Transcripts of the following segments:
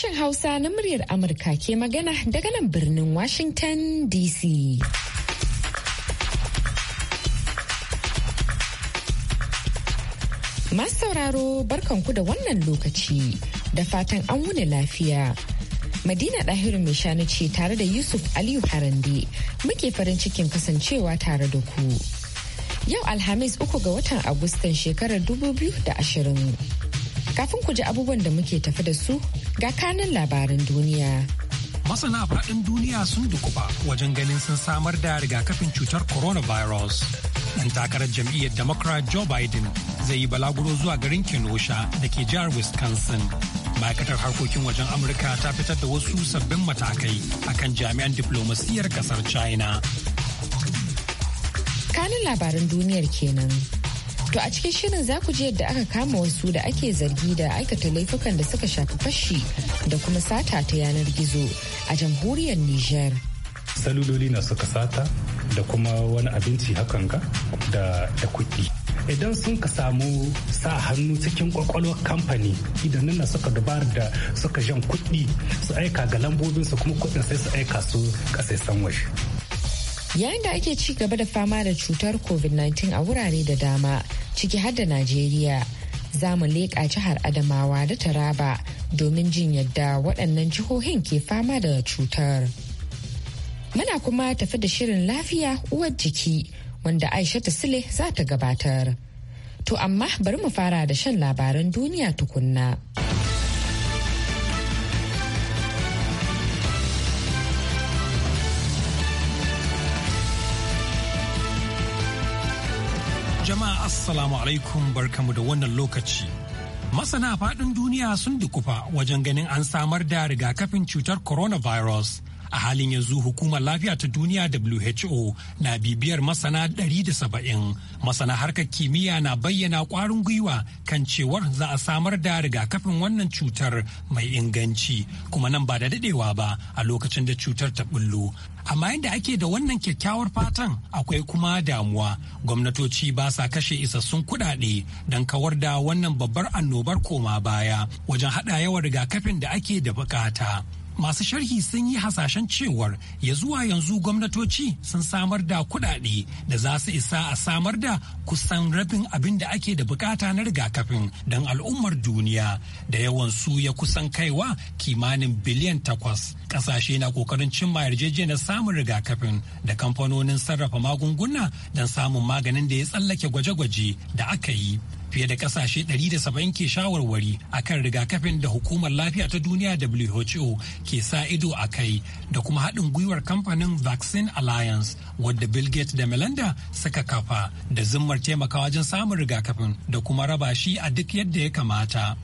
Sashen Hausa na muryar Amurka ke magana daga nan birnin Washington DC. Masu sauraro barkanku da wannan lokaci da fatan an wuni lafiya. Madina Dahiru mai shanu ce tare da Yusuf Aliyu Harande muke farin cikin kasancewa tare da ku. Yau Alhamis uku ga watan Agustan shekarar 2020. Kafin ku ji abubuwan da muke tafi da su ga kanin labarin duniya. Masana faɗin duniya sun dukuba wajen ganin sun samar da rigakafin cutar coronavirus. Ɗan takarar jam'iyyar Democrat Joe Biden zai yi balaguro zuwa garin Kenosha da ke jihar Wisconsin. ma'aikatar harkokin wajen amurka ta fitar da wasu sabbin matakai a kan jami'an diplomasiyyar ƙasar china kanin labarin duniyar kenan To a cikin shirin za ku ji yadda aka kama wasu da ake zargi da aikata laifukan da suka shafi fashi da kuma sata ta yanar gizo a jamhuriyar Nijar. Saluloli na suka sata da kuma wani abinci hakan ga da kuɗi. idan sun ka samu sa hannu cikin kwakwalwar kamfani idan nuna suka dubar da suka jan kuɗi su aika ga lambobinsu kuma kuɗin sai su aika su kasaisan waje yayin da ake ci gaba da fama da cutar covid-19 a wurare da dama ciki har da najeriya za mu leƙa jihar adamawa da taraba domin jin yadda waɗannan jihohin ke fama da cutar muna kuma tafi da shirin lafiya uwar jiki wanda aisha sule za ta gabatar to amma bari mu fara da shan labaran duniya tukunna. Assalamu alaikum barkamu da wannan lokaci. Masana faɗin duniya sun dukufa wajen ganin an samar da rigakafin cutar coronavirus a halin yanzu hukumar lafiya ta duniya who na bibiyar masana 170 masana harkar kimiyya na bayyana kwarin gwiwa kan cewar za a samar da rigakafin wannan cutar mai inganci kuma nan ba da dadewa ba a lokacin da cutar ta bullo amma yadda ake da wannan kyakkyawar fatan akwai kuma damuwa gwamnatoci ba sa kashe isassun kuɗaɗe don kawar da wannan babbar annobar koma baya wajen haɗa yawan rigakafin da ake da bukata. masu sharhi sun yi hasashen cewar ya zuwa yanzu gwamnatoci sun samar da kuɗaɗe da za su isa a samar da kusan rabin abin da ake da bukata na rigakafin don al'ummar duniya da yawan su ya kusan kaiwa kimanin biliyan takwas ƙasashe na ƙoƙarin cimma yarjejeniyar samun rigakafin da kamfanonin sarrafa magunguna don samun maganin da ya tsallake gwaje-gwaje da aka yi fiye da kasashe 170 ke shawarwari akan rigakafin da hukumar lafiya ta duniya WHO ke sa ido a kai da kuma haɗin gwiwar kamfanin Vaccine Alliance wadda Bill Gates da Melinda suka kafa da zimmar taimakawa wajen samun rigakafin da kuma raba shi a duk yadda ya kamata.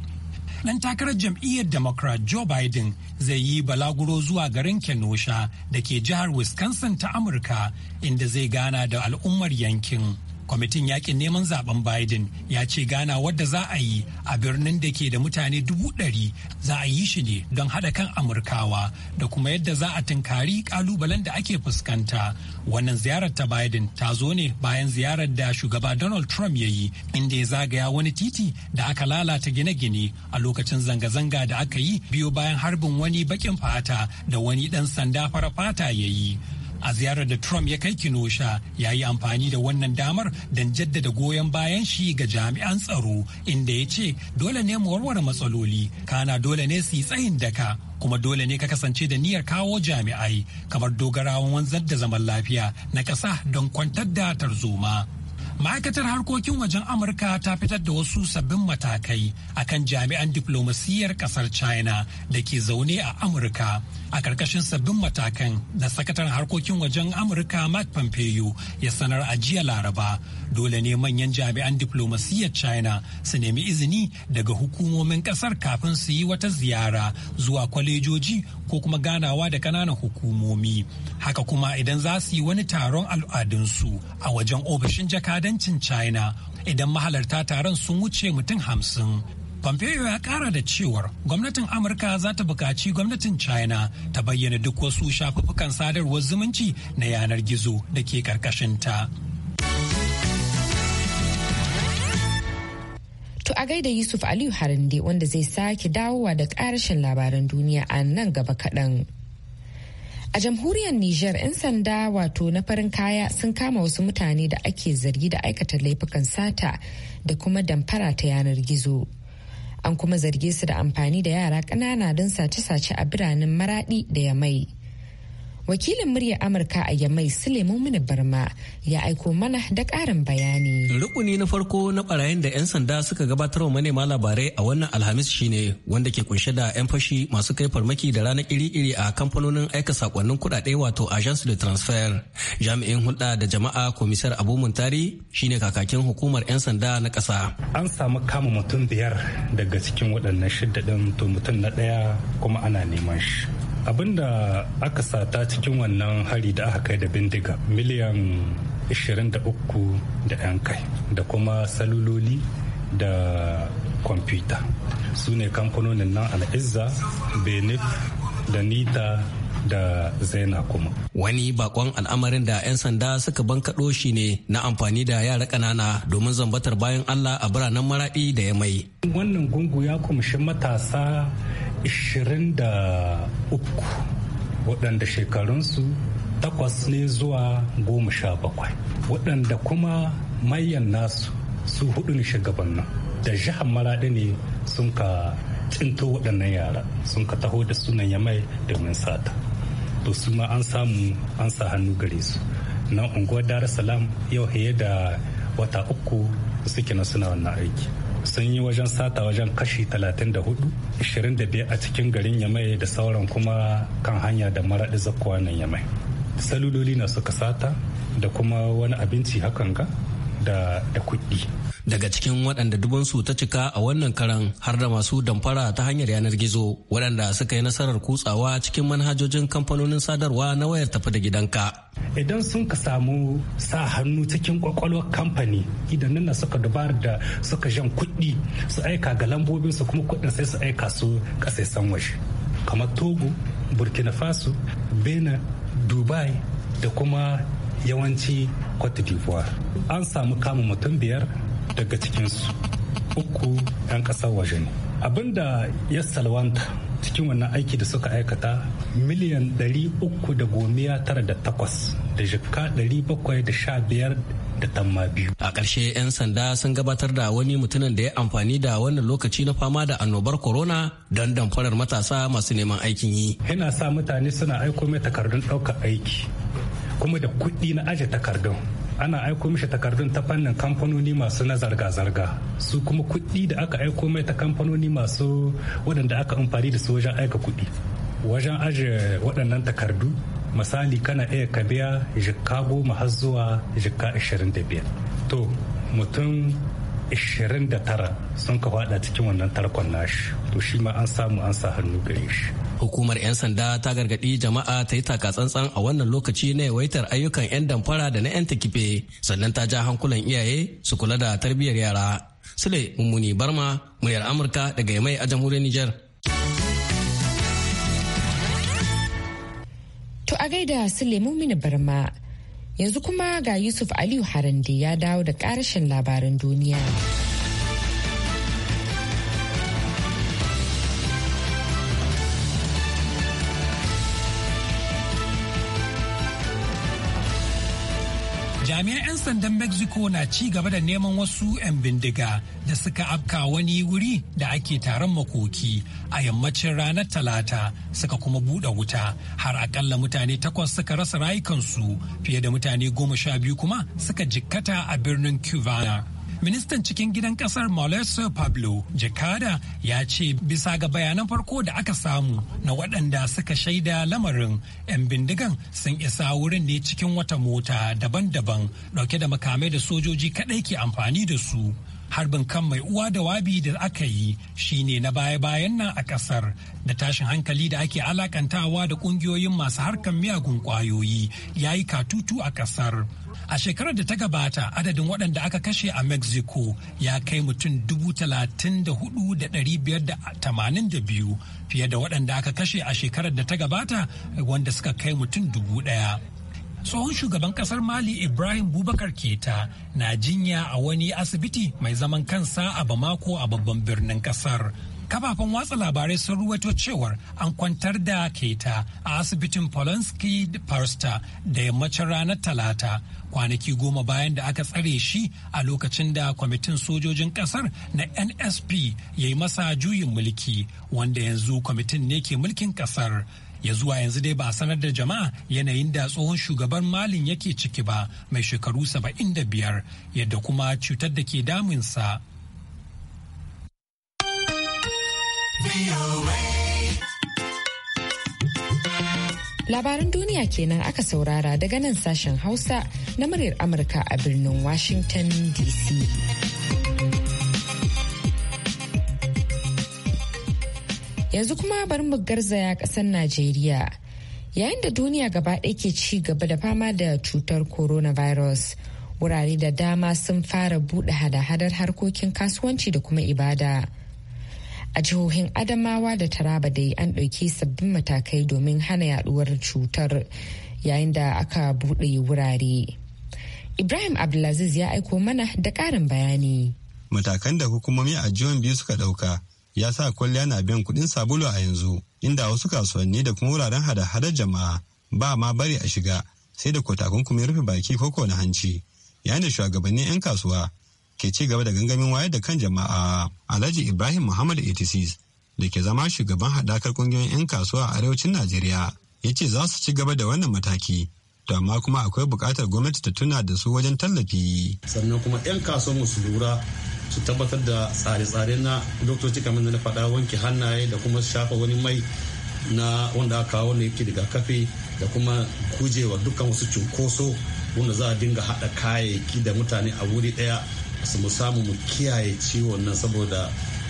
Dan takarar jam'iyyar Democrat Joe Biden zai yi balaguro zuwa garin Kenosha da ke jihar Wisconsin ta Amurka inda zai gana da al'ummar yankin. kwamitin yakin neman zaben biden ya ce gana wadda za a yi a birnin da ke da mutane dubu ɗari za a yi shi ne don haɗa kan amurkawa da kuma yadda za a tunkari kalubalen da ake fuskanta wannan ziyarar ta biden ta zo ne bayan ziyarar da shugaba donald trump ya yi inda ya zagaya wani titi da aka lalata gine-gine a lokacin zanga-zanga da aka yi biyo bayan harbin wani bakin fata da wani ɗan sanda fara fata ya yi a ziyarar da Trump ya kai Kinosha ya yi amfani da wannan damar don jaddada goyon bayan shi ga jami'an tsaro inda ya ce dole ne mu warware matsaloli kana dole ne su yi tsayin daka kuma dole ne ka kasance da niyyar kawo jami'ai kamar dogarawan wanzar da zaman lafiya na ƙasa don kwantar da tarzoma. ma'aikatar harkokin wajen amurka ta fitar da wasu sabbin matakai akan jami'an diplomasiyyar kasar china da ke zaune a amurka a karkashin sabbin matakan da sakataren harkokin wajen amurka mark pompeo ya sanar a jiya laraba dole ne manyan jami'an diplomasiyyar china su nemi izini daga hukumomin kasar kafin su yi wata ziyara zuwa kwalejoji ko kuma ganawa da kananan hukumomi haka kuma idan za su yi wani taron al'adunsu a wajen ofishin jakada kudancin China idan mahalarta taron sun wuce mutum hamsin. Pompeo ya kara da cewar gwamnatin Amurka za ta bukaci gwamnatin China ta bayyana duk wasu shafuffukan sadarwar zumunci na yanar gizo da ke ƙarƙashinta. To a gaida Yusuf Aliyu Harande wanda zai sake dawowa da ƙarashin labaran duniya a nan gaba kaɗan. A jamhuriyar Nijar 'yan sanda wato na farin kaya sun kama wasu mutane da ake zargi da aikata laifukan sata da kuma damfara ta yanar gizo. An kuma zarge su da amfani da yara ƙanana don sace-sace a biranen Maraɗi da Yamai. wakilin muryar amurka a yamai suleiman mini barma ya aiko mana da karin bayani rukuni na farko na barayin da 'yan sanda suka gabatar wa manema labarai a wannan alhamis shine wanda ke kunshe da 'yan fashi masu kai farmaki da ranar iri-iri a kamfanonin aika sakonnin kudade wato agence de transfer jami'in hulɗa da jama'a komisar abu muntari shine kakakin hukumar 'yan sanda na ƙasa an samu kama mutum biyar daga cikin waɗannan shidda ɗin to mutum na ɗaya kuma ana neman shi Abin da aka sata cikin wannan hari da aka kai da bindiga miliyan 23 da 'yan kai da kuma saluloli da kwamfuta su ne kamfanonin nan al'izza benif da nita da zaina kuma. Wani bakon al'amarin da 'yan sanda suka bankaɗo shi ne na amfani da yara ƙanana domin zambatar bayan Allah a biranen maraɗi da ya mai. Wannan gungu ya kumshi matasa 23 waɗanda shekarunsu takwas ne zuwa goma sha bakwai waɗanda kuma mayan nasu su hudu ne nan da jihar maraɗi ne sun ka tsinto waɗannan yara sun ka taho da sunan ya mai domin sata to su ma an samu an sa hannu gare su nan unguwar dar salam yau haye da wata uku suke na suna wannan aiki sun yi wajen sata wajen kashi 34 25 a cikin garin yamai da sauran kuma kan hanya da maraɗi zakkuwa nan yamai saluloli na suka sata da kuma wani abinci hakan ga da kuɗi daga cikin waɗanda dubansu ta cika a wannan karan har da masu damfara ta hanyar yanar gizo waɗanda suka yi nasarar kutsawa cikin manhajojin kamfanonin sadarwa na wayar tafi da gidanka idan sun ka samu sa hannu cikin kwakwalwar kamfani idan nuna suka dubar da suka jan kuɗi su aika ga lambobin su kuma kuɗin sai su aika su san waje kamar togo burkina faso Bena, dubai da kuma yawanci cote d'ivoire an samu kama mutum biyar daga cikinsu uku 'yan ƙasar waje ne abinda ya salwanta cikin wannan aiki da suka aikata miliyan 398 da jika 715 da tamma biyu. A ƙarshe 'yan sanda sun gabatar da wani mutumin da ya amfani da wannan lokaci na fama da annobar corona don damfarar matasa masu neman aikin yi. Yana sa mutane suna aiko mai takardun ɗaukar aiki kuma da kuɗi na aje takardun. ana aiko mishi takardun ta fannin kamfanoni masu na zarga-zarga su kuma kuɗi da aka aiko mai ta kamfanoni masu waɗanda aka amfani da su wajen aika kuɗi wajen ajiye waɗannan takardu misali kana iya ka biya jikka goma har zuwa jikka ashirin da biyar to mutum 29 sun ka fada cikin wannan tarkon nashi to shi ma an samu an sa hannu gare shi hukumar 'yan sanda ta gargaɗi jama'a ta yi takatsantsan a wannan lokaci na yawaitar ayyukan 'yan damfara da na 'yan takife sannan ta ja hankulan iyaye su kula da tarbiyyar yara sule mummuni barma muryar amurka daga yamai a jamhuriyar niger to a gaida sule mummuni barma Yanzu kuma ga Yusuf Aliyu Harande ya dawo da ƙarashin labaran duniya. jami'an 'yan sandan mexico na ci gaba da neman wasu 'yan bindiga da suka afka wani wuri da ake taron makoki a yammacin ranar talata suka kuma buɗe wuta har akalla mutane takwas suka rasa rayukansu fiye da mutane goma sha biyu kuma suka jikkata a birnin cubana Ministan cikin gidan kasar Mauricio Pablo Jakada ya ce bisa ga bayanan farko da aka samu na waɗanda suka shaida lamarin 'yan bindigan sun isa wurin ne cikin wata mota daban-daban ɗauke da makamai da sojoji kaɗai ke amfani da su. harbin kan mai uwa da wabi da aka yi shine na baya-bayan nan a kasar da tashin hankali da ake alakantawa da kungiyoyin masu harkar miyagun kwayoyi ya yi katutu a kasar a shekarar da ta gabata adadin waɗanda aka kashe a mexico ya kai mutum biyu fiye da waɗanda aka kashe a shekarar da ta gabata wanda suka kai mutum dubu ɗaya. tsohon shugaban kasar mali ibrahim bubakar keta na jinya a wani asibiti mai zaman kansa a bamako a babban birnin kasar kafafen watsa labarai sun ruwaito cewar an kwantar da keta a asibitin polanski parsta da yammacin ranar talata kwanaki goma bayan da aka tsare shi a lokacin da kwamitin sojojin kasar na nsp ya yi masa juyin mulki wanda yanzu kwamitin ne ke mulkin kasar ya zuwa yanzu dai ba sanar da jama'a yanayin da tsohon shugaban malin yake ciki ba mai shekaru 75 yadda kuma cutar da ke damunsa. Labaran duniya kenan aka saurara daga nan sashen Hausa na muryar Amurka a birnin Washington DC. Yanzu kuma bari mu garzaya ƙasar Najeriya. Yayin da duniya gaba ɗaya ke ci gaba da fama da cutar coronavirus, wurare da dama sun fara buɗe hada-hadar harkokin kasuwanci da kuma ibada. A jihohin Adamawa da Taraba dai an ɗauki sabbin matakai domin hana yaɗuwar cutar yayin da aka buɗe wurare. Ibrahim Abdulaziz ya aiko mana da ƙarin bayani. Matakan da hukumomi a jihohin biyu suka ɗauka ya sa kwalliya na biyan kuɗin sabulu a yanzu inda wasu kasuwanni da kuma wuraren hada-hadar jama'a ba ma bari a shiga sai da kuma rufe baki koko na hanci yayin da shugabannin 'yan kasuwa ke ci gaba da gangamin wayar da kan jama'a alhaji ibrahim muhammad 86 da ke zama shugaban haɗakar ƙungiyoyin 'yan kasuwa a arewacin najeriya ya ce za su ci gaba da wannan mataki to amma kuma akwai buƙatar gwamnati ta tuna da su wajen tallafi sannan kuma 'yan kasuwa su lura su tabbatar da tsare-tsare na doktoci kamar da na faɗa wanke hannaye da kuma shafa wani mai na wanda aka kawo ne yake rigakafi da kuma kujewa dukkan wasu cunkoso wanda za a dinga haɗa kayayyaki da mutane a wuri ɗaya su mu samu mu kiyaye ciwon nan saboda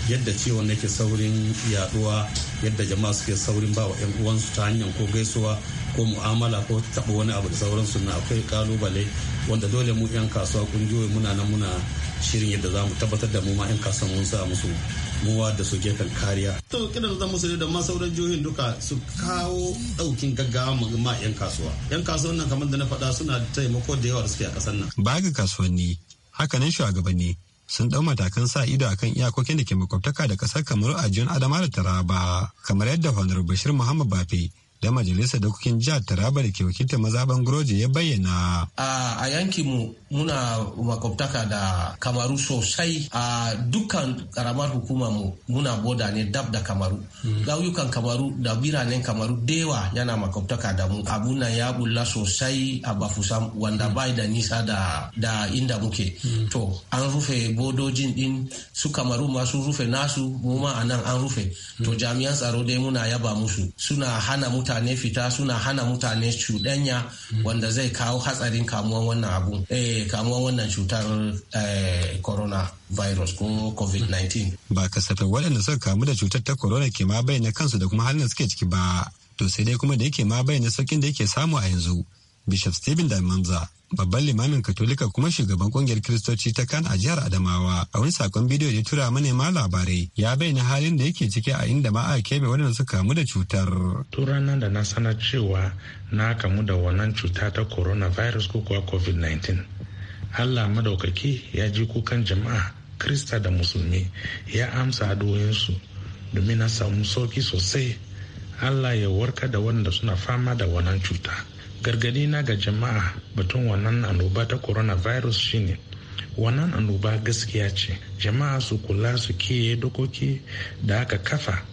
yadda ciwon ke saurin yaduwa yadda jama'a suke saurin ba wa 'yan uwansu ta hanyar ko gaisuwa ko mu'amala ko taɓa wani abu da sauransu na akwai kalubale wanda dole mu 'yan kasuwa kungiyoyi muna nan muna shirin yadda za mu tabbatar da mu ma 'yan kasuwa mun sa musu muwa da su gefen kariya. To kina da musu da ma sauran jihohin duka su kawo daukin gaggawa ma 'yan kasuwa. 'Yan kasuwan nan kamar da na faɗa suna taimako da yawa da suke a ƙasar nan. Baga kasuwanni hakanan shugabanni sun ɗau matakan sa ido a kan iyakokin da ke makwabtaka da ƙasar kamaru a jihar adama da taraba kamar yadda honar bashir muhammad bafe da majalisar dokokin jihar taraba da ke wakiltar mazaban guroje ya bayyana a yankinmu muna makwabtaka da kamaru sosai a dukkan karamar hukuma mu muna boda ne dab da kamaru hmm. gauyukan kamaru da biranen kamaru dewa yana makwabtaka da mu abuna ya bulla sosai a bafusa wanda hmm. bai da nisa da, inda muke hmm. to an rufe bodojin din su kamaru masu rufe nasu mu ma a nan an rufe to jami'an tsaro dai muna yaba musu suna hana mutane fita suna hana mutane cuɗanya wanda zai kawo hatsarin kamuwan wannan abu eh kamuwan wannan cutar eh, corona virus ko covid-19 ba kasafin waɗanda suka kamu da cutar ta corona ke ma bayyana kansu da kuma halin suke ciki ba to sai dai kuma da yake ma bayyana saukin da yake samu a yanzu bishop stephen damanza babban limamin katolika kuma shugaban kungiyar kiristoci ta kan a jihar adamawa a wani sakon bidiyo ya tura ma labarai ya bayyana halin da yake ciki a inda ma a keɓe waɗanda suka kamu da cutar turana da na sanar cewa na kamu da wannan cuta ta coronavirus ko kuwa covid-19 allah madaukaki ya ji kukan jama'a krista da musulmi ya amsa su domin na samu sauki sosai allah ya warka da wanda suna fama da wannan cuta gargadi na ga jama'a batun wannan annoba ta coronavirus shine wannan annoba gaskiya ce jama'a su kula su kiyaye dokoki da aka kafa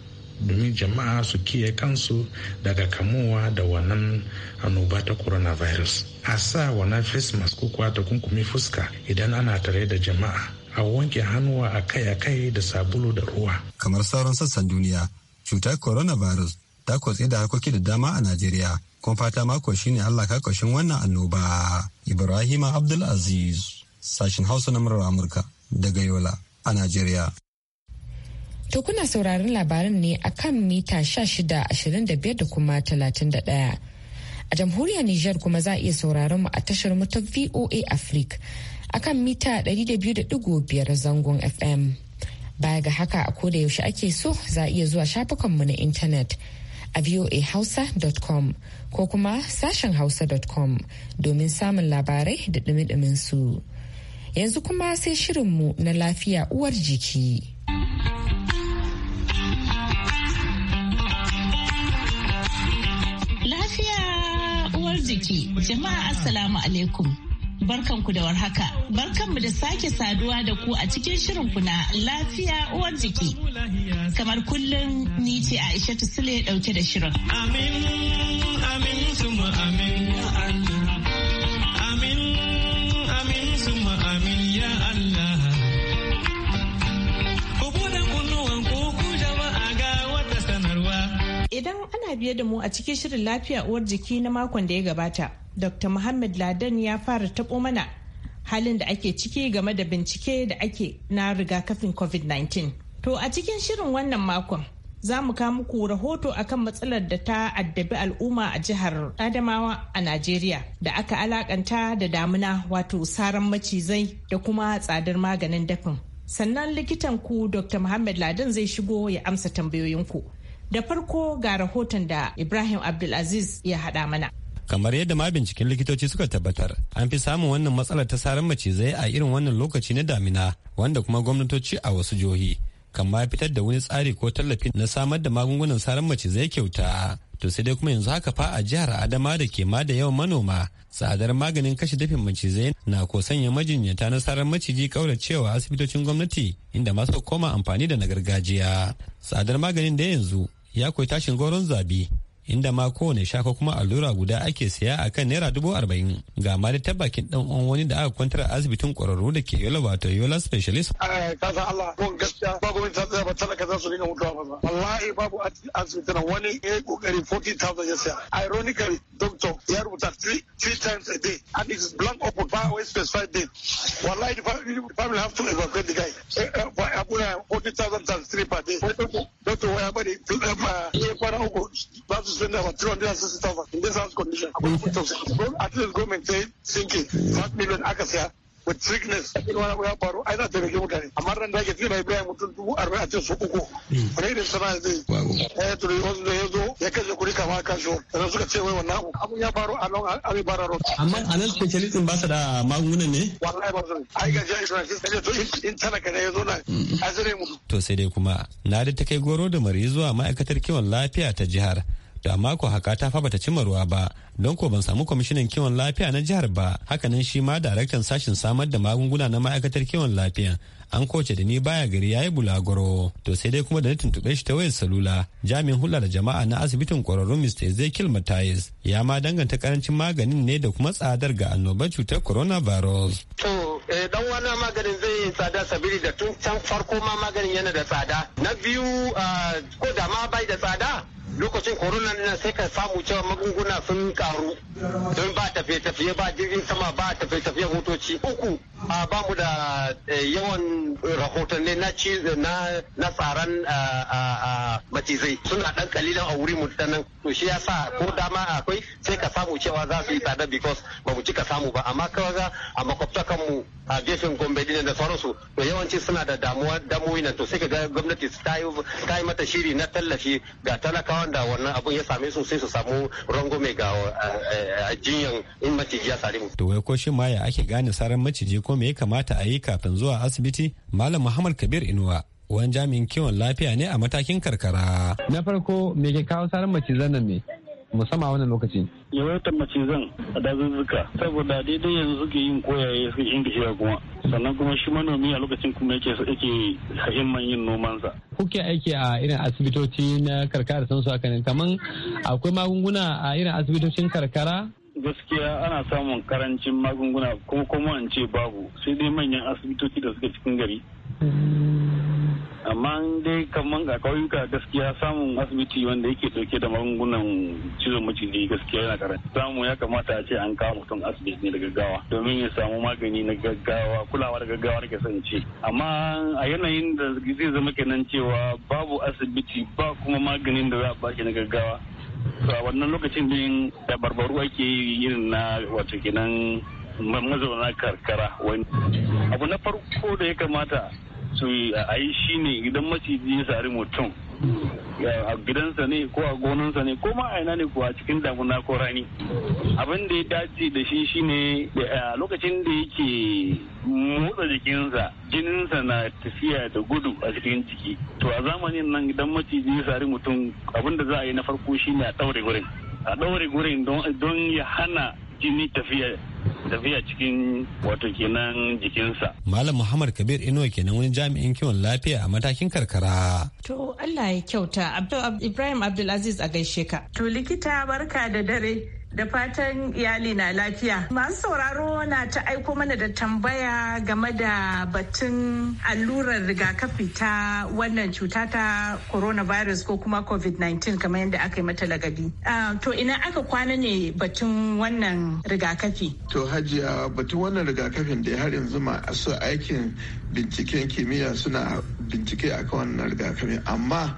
domin jama'a su kiyaye kansu daga kamuwa da wannan annoba ta coronavirus a sa wannan face mask ko kuwa takunkumi fuska idan ana tare da jama'a a wanke hannuwa akai-akai da sabulu da ruwa kamar sauran sassan duniya cutar coronavirus ta kotse da harkoki da dama a najeriya kuma fata mako shine allah ka wannan annoba ibrahima abdulaziz sashin hausa na murar amurka daga yola a najeriya To kuna sauraron labarin ne a kan mita 1625 da kuma 31. A jamhuriyar Nijar kuma za a iya sauraron mu a tashar mu ta VOA Africa a kan mita 200.5 zangon FM. Baya ga haka a koda yaushe ake so za a iya zuwa shafukanmu na intanet a voahausa.com ko kuma sashen hausa.com domin samun labarai da dumi su. Yanzu kuma sai shirinmu na lafiya uwar jiki. ciki. Jama'a Assalamu alaikum. Barkanku da warhaka. Barkanmu da sake saduwa da ku a cikin shirin na lafiya uwar jiki. Kamar kullum ni ce Aisha Sule dauke da shirin. Amin, amin, amin. Idan ana biye da mu a cikin shirin lafiya uwar jiki na makon da ya gabata, Dr. Muhammad Ladan ya fara taɓo mana halin da ake ciki game da bincike da ake na rigakafin COVID-19. To a cikin shirin wannan makon, za mu kawo muku rahoto akan matsalar da ta addabi al'umma a jihar Adamawa a Najeriya da aka alakanta da damuna wato saran macizai da kuma tsadar maganin dafin. Sannan likitan ku Dr. Muhammad Ladan zai shigo ya amsa tambayoyinku. Da farko ga rahoton da Ibrahim Abdulaziz ya haɗa mana. kamar yadda ma binciken likitoci suka tabbatar an fi samun wannan matsalar ta saran macizai a irin wannan lokaci na damina wanda kuma gwamnatoci a wasu jihohi kan ma fitar da wani tsari ko tallafi na samar da magungunan saran macizai kyauta to sai dai kuma yanzu haka fa a jihar adama da ke ma da yawan manoma tsadar maganin kashe dafin macizai na ko sanya majinyata na sarar maciji cewa asibitocin gwamnati inda masu koma amfani da na gargajiya tsadar maganin da yanzu ya koyi tashin goron zabi inda ma kowane shaka kuma allura guda ake siya a kan naira dubu arba'in ga ma da tabbakin dan uwan wani da aka kwantar a asibitin kwararru da ke yola wato yola specialist. Eh, ka san Allah ko gaskiya ba min ta tsaya ba talaka za su dinga mutuwa ba wallahi babu na wani ya yi kokari 40,000 ya siya ironically doctor ya rubuta three times a day and it is blank open ba wai specified date wallahi the family have to evacuate the guy eh, eh, abuna 40,000 times three per day doctor ya bari ya kwana uku ba su A about 260,000 in this house condition. Mm-hmm. At least go maintain sinking That million aka saya with sickness abin wani ya faru ai za ta rage mutane amma ran da ake tuna bai bayan mutum dubu arba'in a ce su uku rai da sana zai ya turi wasu da ya zo ya kashe kuri kama kashe sannan suka ce wai wannan abu ya faru a nan alibara amma a nan specialist ba su da magungunan ne wallahi ba su ai ga jari tuna shi sai to in talaka ya zo na mm-hmm. mu to sai dai kuma na da ta kai goro da mari zuwa ma'aikatar kiwon lafiya ta jihar da mako haka ta fa bata cimma ruwa ba don ko ban samu kwamishinan kiwon lafiya na jihar ba hakanan shi ma daraktan sashin samar da magunguna na ma'aikatar kiwon lafiya an koce da ni baya gari yayi bulagoro to sai dai kuma da na tuntube shi ta wayar salula jami'in hulɗa da jama'a na asibitin kwararrun Mr. Ezekiel Matayes ya ma danganta karancin maganin ne da kuma tsadar ga annobar cutar coronavirus. To eh, dan wani maganin zai yi tsada sabili da tun can farko ma maganin yana da tsada na biyu ah, ko da ma bai da tsada lokacin korona na sai ka samu cewa magunguna sun karu don ba tafiye-tafiye ba jirgin sama ba tafiye-tafiye motoci uku a ba mu da eh, yawan rahotanni na na tsaron macizai suna dan kalilan a wuri mu nan to shi yasa ko dama akwai sai ka samu cewa za su yi tsada because ba mu cika samu ba amma kawai za a makwabta mu a gefen gombe din da sauransu to yawanci suna da damuwa damuwa nan to sai ka ga gwamnati ta yi mata shiri na tallafi ga talakawa wanda wannan abun ya same su sai su samu mai ga eh, eh, jinyan in maciji ya sare mu. To wai ko shi ma ya ake gane saran maciji ko me ya kamata a yi kafin zuwa asibiti? Malam Muhammad Kabir Inuwa wani jami'in kiwon lafiya ne a matakin karkara. Na farko me ke kawo saran macizan nan ne? musamman wannan lokaci. mace zan a dazuzzuka saboda daidai yanzu suke yin koyaye su inda kuma sannan kuma shi manomi a lokacin kuma yake yake ha'imman yin nomansa. Kuke aiki a irin asibitoci na karkara sun su haka ne kaman akwai magunguna a irin asibitocin karkara gaskiya ana samun karancin magunguna kuma kuma an ce babu sai dai manyan asibitoci da suke cikin gari. Hmm. amma dai kamar a kauyuka gaskiya samun asibiti wanda yake dauke da magungunan cizon maciji gaskiya yana karan samu ya kamata a ce an kawo mutum asibiti ne da gaggawa domin ya samu magani na gaggawa kulawa da gaggawa da kasance amma a yanayin da zai zama kenan cewa babu asibiti ba kuma maganin da za a baki na gaggawa a wannan lokacin din da barbaru ake yi irin na wato kenan mazauna karkara wani abu na farko da ya kamata su uh, a yi shi ne idan maciji ya sari mutum a gidansa ne ko a gonansa ne ko ma ina ne ko a cikin damuna ko rani abin da ya dace da shi shine a lokacin da yake motsa jikinsa jininsa na tafiya da gudu a cikin ciki to a zamanin nan idan maciji ya sari mutum abin da za a yi na farko shine a ɗaure gurin a ɗaure gurin don ya hana jini tafiya tafiya cikin wato kenan jikinsa. Malam Muhammad Kabir Inuwa kenan wani jami'in kiwon lafiya a matakin karkara. To Allah ya kyauta Ibrahim Abdulaziz a gaishe ka. To likita barka da dare. da fatan iyali na lafiya. Masu sauraro na ta aiko mana da tambaya game da batun allurar rigakafi ta wannan cuta ta coronavirus ko kuma COVID-19 kamar yadda aka yi mata lagabi. Uh, ah, to ina aka kwana ne batun wannan rigakafi? To hajiya batun wannan rigakafin da har yanzu su aikin binciken kimiyya suna bincike akan wannan rigakafin amma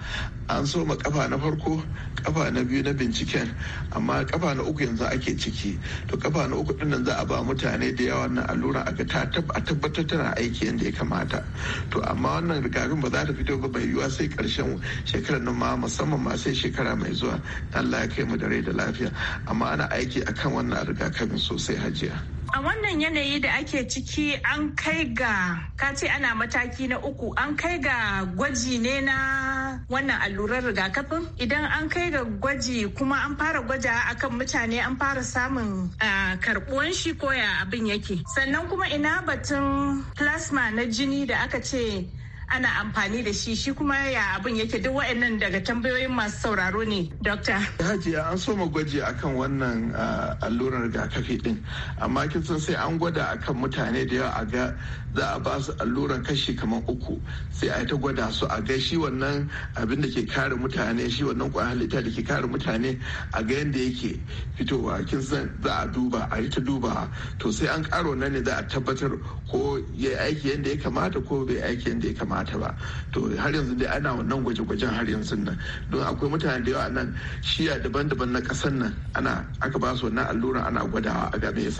an so ma kafa na farko kafa na biyu na binciken amma kafa na uku yanzu ake ciki to kafa na uku din nan za a ba mutane da yawa na allura aka a tabbatar tana aiki yadda ya kamata to amma wannan rigakafin ba za ta fito ba bai yiwa sai karshen shekarar nan ma musamman ma sai shekara mai zuwa Allah ya kai mu da rai da lafiya amma ana aiki akan wannan rigakafin sosai hajiya. A wannan yanayi da ake ciki an kai ga kace ana mataki na uku an kai ga gwaji ne na wannan allurar rigakafin idan an kai ga gwaji kuma an fara gwaja akan mutane an fara samun karbuwan shi koya abin yake sannan kuma ina batun plasma na jini da aka ce ana amfani da shi shi kuma ya abin yake duk wa'annan daga tambayoyin masu sauraro ne dokta haji an soma gwaji akan wannan ah, allurar rigakafi din amma kin san sai an gwada akan mutane da yawa a ga za a ba su alluran kashi kamar uku sai a yi ta gwada su a ga shi wannan abin da ke kare mutane shi wannan kwayar halitta da ke kare mutane a ga yadda yake fitowa kin san za a duba a yi ta duba to sai an karo nan ne za a tabbatar ko ya aiki yadda ya kamata ko bai aiki yadda ya kamata ba to har yanzu dai ana wannan gwaje-gwajen har yanzu nan don akwai mutane da yawa nan shiya daban-daban na kasan nan ana aka ba su wannan alluran ana gwadawa a ga me ya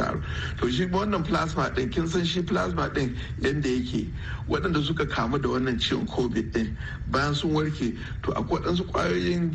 to shi wannan plasma din kin san shi plasma din yadda yake waɗanda suka kamu da wannan ciwon covid din bayan sun warke to akwai waɗansu ƙwayoyin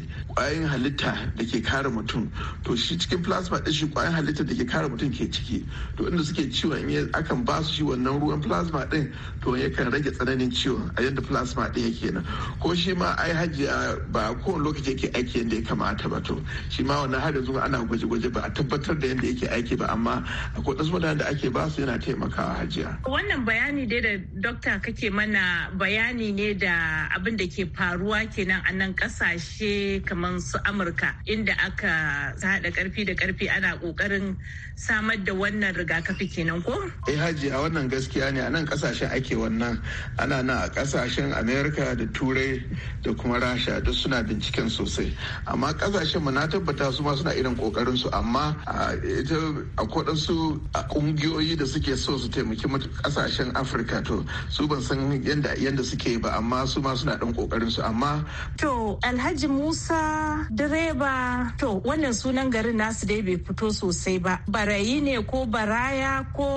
halitta da ke kare mutum to shi cikin plasma ɗin shi ƙwayoyin halitta da ke kare mutum ke ciki to inda suke ciwon in akan ba su shi wannan ruwan plasma ɗin to yakan rage tsananin ciwon a yadda plasma ɗin yake nan ko shi ma ai hajiya ba kowane lokaci yake aiki yadda ya kamata ba to shi ma wannan har yanzu ana gwaje-gwaje ba a tabbatar da yadda yake aiki ba amma akwai wasu da ake ba su yana taimakawa hajiya. wannan bayani dai da dokta kake mana bayani ne da abin da ke faruwa kenan a nan kasashe kamar su Amurka inda aka haɗa karfi da karfi ana kokarin samar da wannan rigakafi kenan ko? Eh haji a wannan gaskiya ne a nan kasashen ake wannan ana nan a kasashen Amerika da Turai da kuma Rasha duk suna binciken sosai amma kasashen mu na tabbata su ma suna irin kokarin su amma a akwai su kungiyoyi da suke so su taimaki kasashen Afirka to su ban san yadda yadda suke ba amma su ma suna dan kokarin su amma to Alhaji Musa direba to wannan sunan garin nasu dai bai fito sosai ba barayi ne ko baraya ko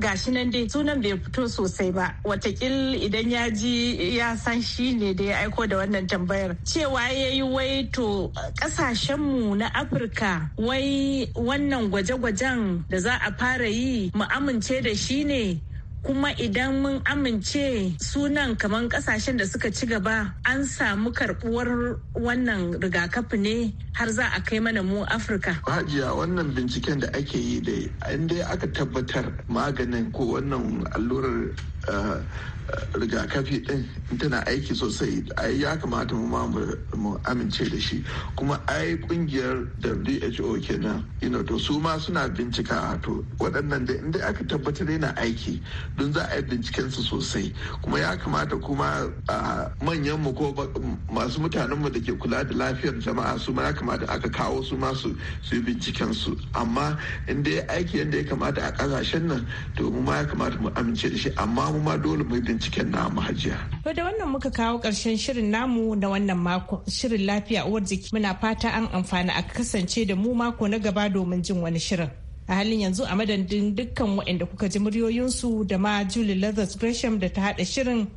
gashi nan dai sunan bai fito sosai ba watakil idan ya ji ya san shi ne da ya aiko da wannan tambayar cewa ya yi wai to mu na afirka wai wannan gwaje-gwajen da za a fara yi mu amince da shi ne kuma idan mun amince sunan kamar kasashen da suka ci gaba an samu karbuwar wannan rigakafi ne har za a kai mana mu afirka hajiya wannan binciken da ake yi dai in dai aka tabbatar maganin ko wannan allurar Eh, rigakafi ɗin tana aiki sosai ai ya kamata mu ma mu amince da shi kuma ai kungiyar WHO kenan na to su ma suna bincika to waɗannan da inda aka tabbatar yana aiki don za a yi binciken su sosai kuma ya kamata kuma a ah, manyan mu ko masu mutanen mu da ke kula da lafiyar jama'a su ma ya kamata aka kawo su ma su yi binciken amma inda ya aiki yadda ya kamata a kasashen nan to mu ma ya kamata mu amince da shi amma kuma ma dole mu binciken na hajiya. To da wannan muka kawo ƙarshen shirin namu na wannan mako shirin lafiya uwar jiki muna fata an amfana a kasance da mu mako na gaba domin jin wani shirin. a halin yanzu a madadin dukkan waɗanda kuka ji muryoyinsu da ma Julie Lazarus Gresham da ta haɗa shirin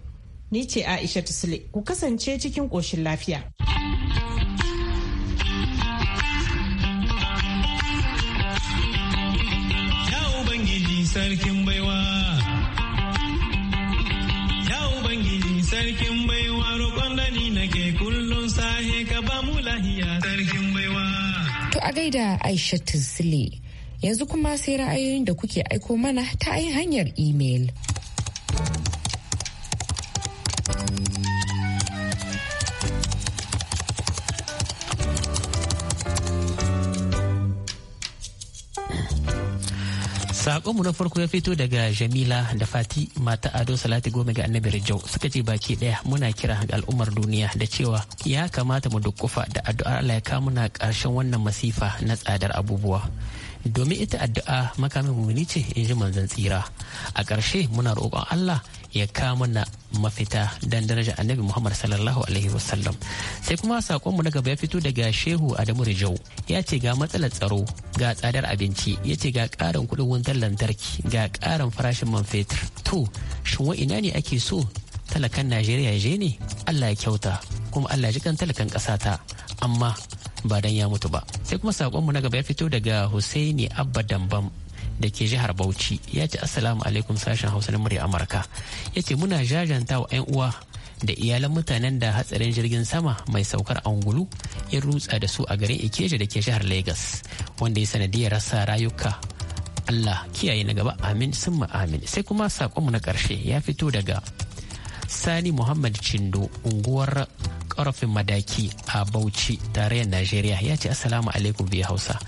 ni ce Aisha Tusle ku kasance cikin ƙoshin lafiya. sarkin a gaida Aisha Sule. Yanzu kuma sai ra'ayoyin da kuke aiko mana ta hanyar imel. Sakonmu na farko ya fito daga Jamila da Fati mata Ado Salati Gome ga Annabi Rijau suka ce baki daya muna kira ga al'ummar duniya da cewa ya kamata mu dukkufa da addu'ar Allah ya kawo muna karshen wannan masifa na tsadar abubuwa. domin ita addu'a makamin mumini ce in ji manzon tsira a ƙarshe muna roƙon Allah ya kama mana mafita dan daraja annabi Muhammad sallallahu alaihi wasallam sai kuma sakon mu na gaba ya fito daga Shehu Adamu Rijau ya ce ga matsalar tsaro ga tsadar abinci ya ce ga ƙarin kuɗin wutar lantarki ga ƙarin farashin man fetur to shin wa ina ne ake so talakan Najeriya je ne Allah ya kyauta kuma Allah ya ji kan talakan ƙasa ta amma ba dan ya mutu ba sai kuma sakonmu na gaba ya fito daga Husaini Abba Dambam da ke jihar Bauchi ya ce assalamu alaikum sashen Hausa na murya Amurka ya ce muna jajanta wa 'yan uwa da iyalan mutanen da hatsarin jirgin sama mai saukar angulu ya rutsa da su a garin Ikeja da ke jihar Legas wanda ya sanadiyar rasa rayuka Allah kiyaye na gaba amin summa amin sai kuma sakonmu na ƙarshe ya fito daga Sani Muhammad Chindo unguwar karafin madaki a bauchi tarayyar najeriya ya ce assalamu alaikum biya hausa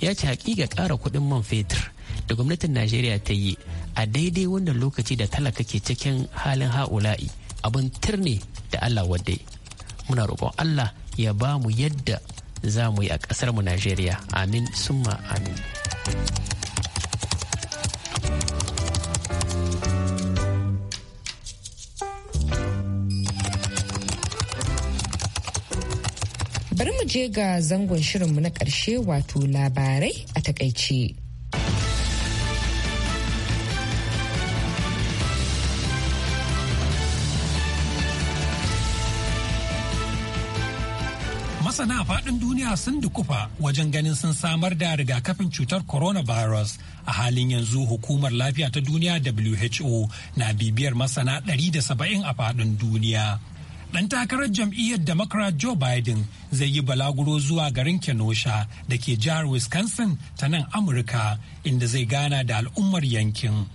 ya ce hakika kara kudin man fetur da gwamnatin najeriya ta yi a daidai wannan lokaci da talaka ke cikin halin ha'ula'i abin turne da allah wadai muna roƙon allah ya ba mu yadda za mu yi a ƙasar mu najeriya amin summa amin je ga zangon shirinmu na ƙarshe wato labarai a takaice. masana a faɗin duniya sun dukufa wajen ganin sun samar da rigakafin cutar coronavirus a halin yanzu hukumar lafiya ta duniya who na bibiyar masana 170 a faɗin duniya Ɗan takarar jam'iyyar Democrat Joe Biden zai yi balaguro zuwa garin Kenosha da ke jihar Wisconsin ta nan Amurka inda zai gana da al'ummar yankin.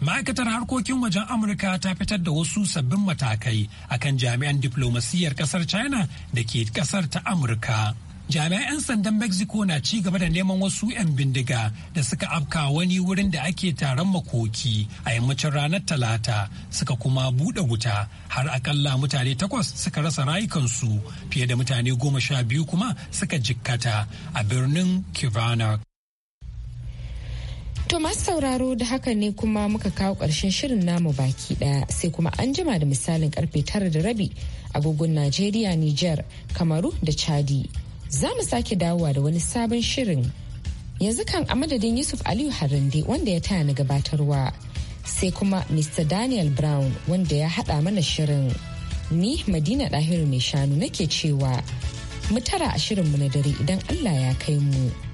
Ma'aikatar harkokin wajen Amurka ta fitar da wasu sabbin matakai akan jami'an diplomasiyyar kasar China da ke kasar ta Amurka. jami'an 'yan sandan mexico na ci gaba da neman wasu 'yan bindiga da suka afka wani wurin da ake taron makoki a yammacin ranar talata suka kuma buɗe wuta har akalla mutane takwas suka rasa rayukansu fiye da mutane goma sha biyu kuma suka jikkata a birnin kivana To masu sauraro da haka ne kuma muka kawo ƙarshen shirin namu baki ɗaya sai kuma an jima da misalin karfe tara da rabi agogon Najeriya, Nijar, Kamaru da Chadi. za mu sake dawowa da wani sabon shirin yanzu kan a madadin yusuf aliyu harande wanda ya taya na gabatarwa sai kuma mr daniel brown wanda ya hada mana shirin ni madina dahiru mai shanu nake cewa mu tara a shirinmu na dare idan allah ya kai mu.